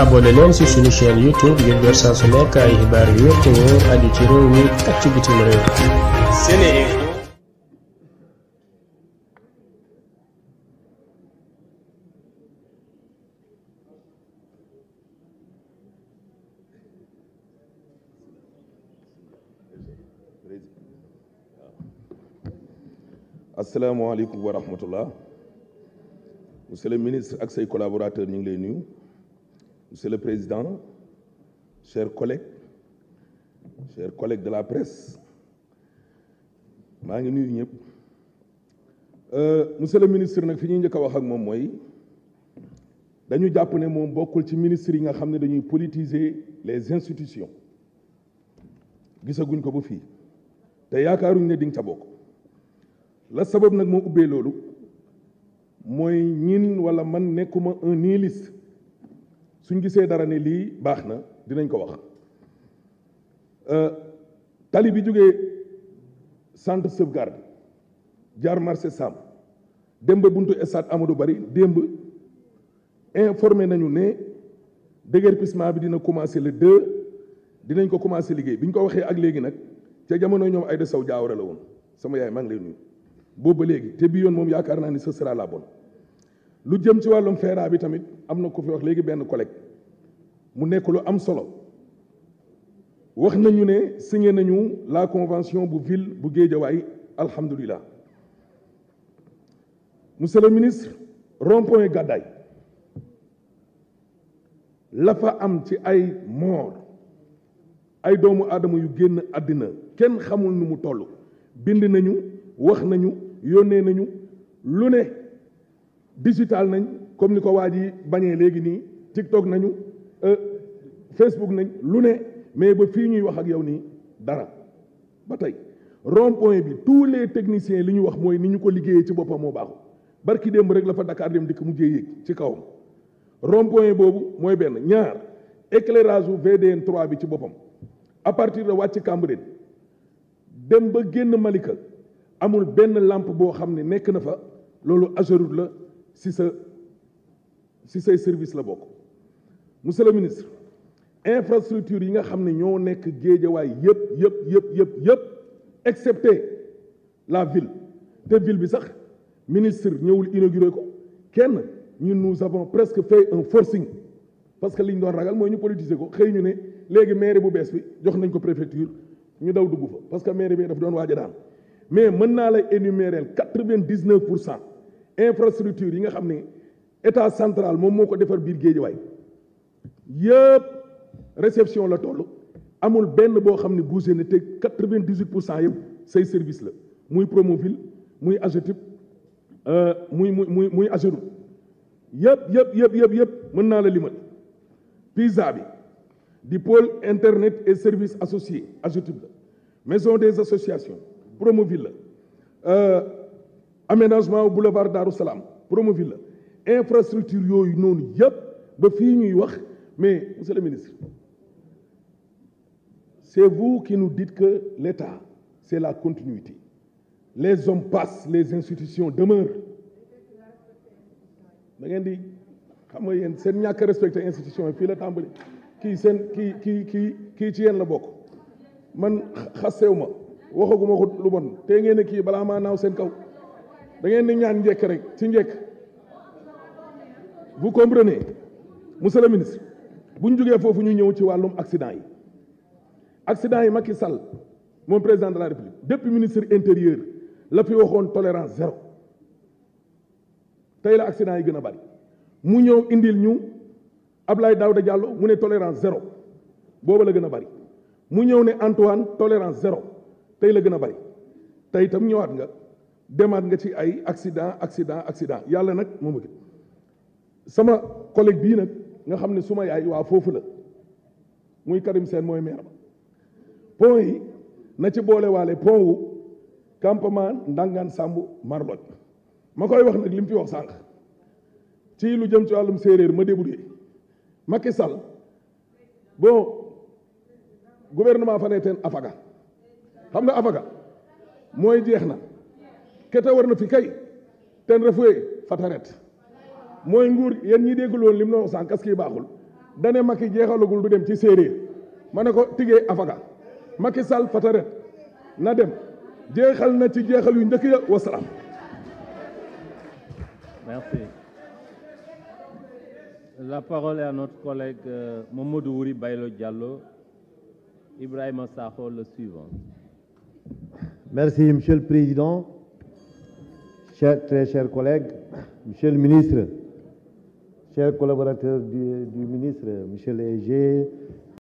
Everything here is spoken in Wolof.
abonné leen ci suñu chaîne YouTube ngir jot saa su nekk ay xibaar yu wér te wóor aju ci réew mi ak ci bitim réew. asalaamaaleykum wa rahmatullah monsieur le ministre ak say collaborateurs ñu ngi lay nuyu. Monsieur le Président, chers collègues, chers collègues de la presse, maa ngi nuyu ñëpp euh, monsieur le ministre nag fi ñuy njëkk a wax ak moom mooy dañu jàpp ne moom bokkul ci ministre yi nga xam ne dañuy politiser les institutions gisaguñ ko ba fii te yaakaaruñ ne dinga ca bokk la sabab nag moo ubbee loolu mooy ñin walla man nekkuma un nihiliste suñ gisee dara ne lii baax na dinañ ko wax euh, tali bi jógee centre sauvegarde jar marché Sam dem ba buntu stade Amadou Barry démb informé nañu ne déguerpissement bi dina commencé le 2 dinañ ko commencé liggéey bi ñu ko waxee ak léegi nag ca jamono ñoom Aïda Sow Diawara la woon sama yaay maa ngi lay nuyu boobu ba léegi te bii yoon moom yaakaar naa ni ce sera lu jëm ci wàllum feeraa bi tamit am na ko fi wax léegi benn collègue mu nekk lu am solo wax nañu ne signé nañu la convention bu ville bu Guédiawaye alhamdulilah monsieur le ministre rond-point Gàddaay la am ci ay moor ay doomu aadama yu génn àddina kenn xamul nu mu toll bind nañu wax nañu yónnee nañu lu ne digital nañ comme ni ko waa ji bañee léegi nii TikTok nañu Euh, Facebook nañ lu ne mais ba fii ñuy wax ak yow nii dara ba tey rond bi tous les techniciens li ñu wax mooy ni ñu ko liggéeyee ci boppam moo baaxul barki démb rek la fa Dakar dem dikk mujjee yéeg ci kaw rond-point boobu mooy benn ñaar éclairage u VDN trois bi ci boppam à partir de wàcc Cambérène dem ba génn Malika amul benn làmp boo xam ne nekk na fa loolu Ageroute la si sa si say service la bokk monsieur le ministre infrastructure yi nga xam ne ñoo nekk géejawaay yëpp yëpp yëpp yëpp yëpp excepté la ville te ville bi sax ministre ñëwul inauguré ko kenn ñun nous avons presque fait un forcing parce que li ñu doon ragal mooy ñu politiser ko xëy ñu ne léegi mairie bu bees bi jox nañ ko préfecture ñu daw dugg fa parce que maire bi daf doon waaj a daan mais mën naa lay énumérer quatre-vingt-dix-neuf pour cent infrastructure yi nga xam ni état central moom moo ko defar biir géejawaay yëpp réception la toll amul benn boo xam ne bougé na te quatre-vingt-dix-huit pour cent yëpp say service la muy Promoville muy AGETIP euh, muy muy muy muy AGEROUTE yëpp yëpp yëpp yëpp yëpp mën naa la limal PISA bi di pôle internet et services associés AGETIP la maison des associations Promoville la euh, aménagement boulevard Darou Salam Promoville la infrastructure yooyu noonu yëpp ba fii ñuy wax Mais, monsieur le ministre, c'est vous qui nous dites que l'État, c'est la continuité. Les hommes passent, les institutions demeurent. da ngeen di xam nga yéen seen ñàkk respecté institution yi fii la tàmbali kii seen kii kii kii kii ci yéen la bokk man xasew ma waxaguma ko lu bon te ngeen ne kii balaa maa naaw seen kaw da ngeen di ñaan njekk rek ci njekk vous comprenez monsieur le ministre bu ñu jógee foofu ñu ñëw ci wàllum accident yi accident yi Macky Sall moom président de la République depuis ministre intérieur la fi waxoon tolérance zéro tey la accident yi gën a bari mu ñëw indil ñu Ablaye Daouda Diallo mu ne tolérance zéro booba la gën a bari mu ñëw ne Antoine tolérance zéro tey la gën a bari tey itam ñëwaat nga demaat nga ci ay accident accident accident yàlla nag moom sama collègue bii nag. nga xam ne suma yaay waa foofu la muy Karim Sène mooy maire ba pont yi na ci boole waale pont wu campement Ndangaan Samb Marloj ma koy wax nag li mu fi wax sànq ci lu jëm ci wàllum séeréer ma débrouillé Macky Sall bon gouvernement fa ne teen afaga xam nga afaga mooy jeex na kete war na fi kay ten refuye fataret mooy nguur yéen ñi déggloon li mu noonu sànq kas kii baaxul dane Macky jeexalagul du dem ci séeréer ma ne ko tigee afaka Macky Sall fataret na dem jeexal na ci jeexal yu njëkk ya wasalaam merci la parole est euh, Ibrahima Sakho le suivant merci monsieur le président chers très chers collègues monsieur le ministre chers collaborateurs du, du ministre, M. Léger,